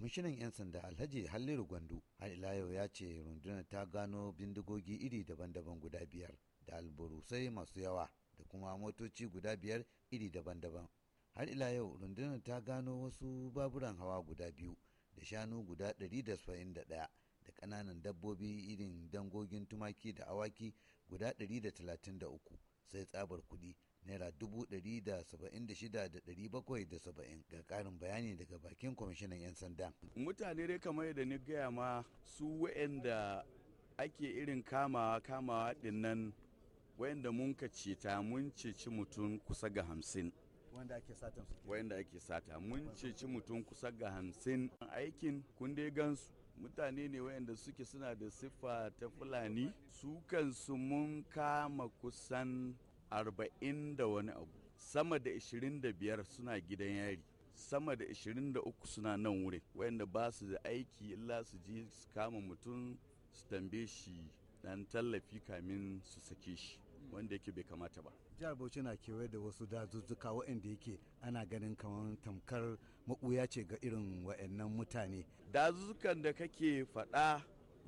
kwamishinan 'yan sanda alhaji halliru gwandu har ila yau ya ce rundunar ta gano bindigogi iri daban-daban guda biyar da alburusai masu yawa da kuma motoci guda biyar iri daban-daban har ila yau rundunar ta gano wasu baburan hawa guda biyu da shanu guda 171 da ƙananan dabbobi irin dangogin tumaki da awaki guda uku sai tsabar kuɗi naira dubu ɗari da saba'in da shida da ɗari bakwai da saba'in ga karin bayani daga bakin kwamishinan 'yan sanda. mutane dai kamar yadda ni gaya ma su wa'anda ake irin kamawa kamawa dinnan wa'anda mun ka ceta mun ceci mutum kusa ga hamsin wanda ake sata mun ceci mutum kusa ga hamsin aikin kun dai gansu mutane ne wayanda suke suna da siffa ta fulani su kansu mun kama kusan arba'in da wani abu sama da ishirin da biyar suna gidan yari sama da ishirin da uku suna nan wuri wayanda ba su da aiki illa su ji su kama mutum su tambaye shi dan tallafi kamin su sake shi wanda yake bai kamata ba jihar bauchi na kewaye da wasu dazuzzuka waɗanda yake ana ganin kamar tamkar makuya ce ga irin waɗannan mutane dazuzzukan da kake faɗa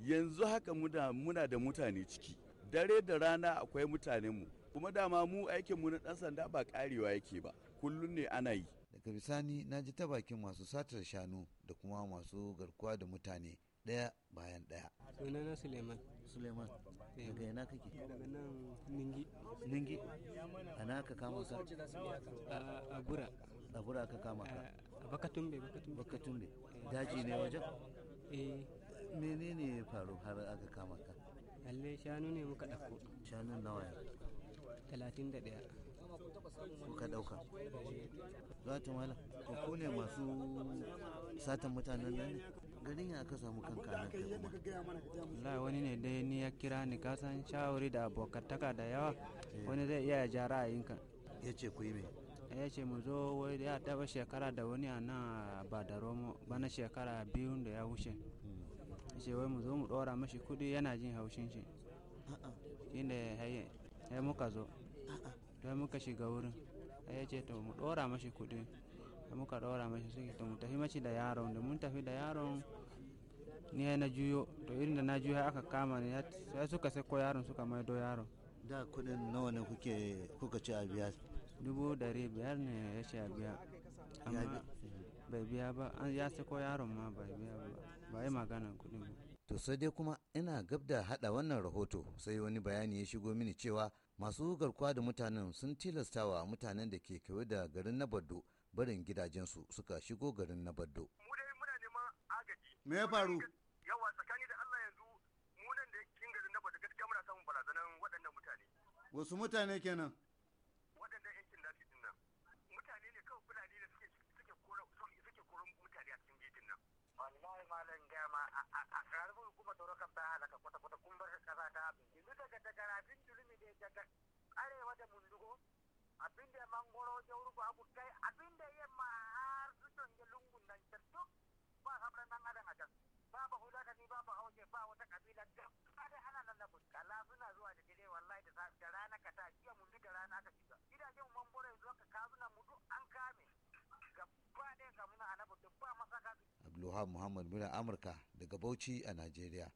yanzu haka muna da mutane ciki dare da rana akwai mutanenmu kuma dama mu aikin mu na ɗan sanda ba karewa yake ba kullum ne ana yi daga bisani na ji ta bakin masu satar shanu da kuma masu garkuwa da mutane daya bayan daya. sunana suleiman suleiman eh. daga yana kake daga nan ningi ningi a na aka kama ka a gura a gura aka kama ka a bakatunbe. bakatunbe daji ne wajen eh. menene ya faru har aka kama ka lalle shanu ne muka ɗauko shanu nawa ya 31 kuka dauka za ta mala ko ne masu satan mutanen nan garin ya ka samu kanka na kuma wani ne dai ni ya kira ni ka san shawari da abokantaka da yawa eh. wani zai iya ja ra'ayinka ya ce ku yi eh, ya ce mu zo wai ya taba shekara da wani a nan romo bana shekara biyun da ya wuce hmm. ya ce wai mu zo mu dora mashi kudi yana jin haushin shi shine sai muka zo sai muka shiga wurin sai ya ce to mu ɗora mashi kuɗi sai muka ɗora mashi suke to mu tafi mashi da yaron da mun tafi da yaron ni na juyo to irin da na juyo aka kama ni sai suka sako yaron suka maido yaron da kuɗin nawa ne kuke kuka ci a biya dubu dari biyar ne ya ce a biya amma bai biya ba an ya sako yaron ma bai biya ba ba yi magana kuɗin ba To sai dai kuma ina gab da haɗa wannan rahoto sai wani bayani ya shigo mini cewa masu garkuwa da mutanen sun tilastawa mutanen da ke kewaye da garin na Baddo barin gidajensu suka shigo garin na Baddo. Mu dai muna neman agaji. Me ya faru? Yawa tsakani da Allah yanzu mu nan da cikin garin na Baddo gaskiya muna samun barazanan waɗannan mutane. Wasu mutane kenan? Waɗannan yankin nasu din nan. Mutane ne kawai fulani da suke suke koran mutane a cikin gejin nan. Wallahi malam daga arewa da mundugu abin da mangoro ba babu kai abin da yamma har su canje lungun nan can duk ba habran nan adam a can babu da ni babu haushe ba wata kabila ba da ana nan na muskala suna zuwa da dare wallahi da da rana ka ta jiya mun da rana ka shiga gidajen mangoro yanzu ka kazuna mu duk an kame gaba ɗaya kamuna a nabu duk ba masaka Abdulwahab Muhammad muna Amurka daga Bauchi a Najeriya.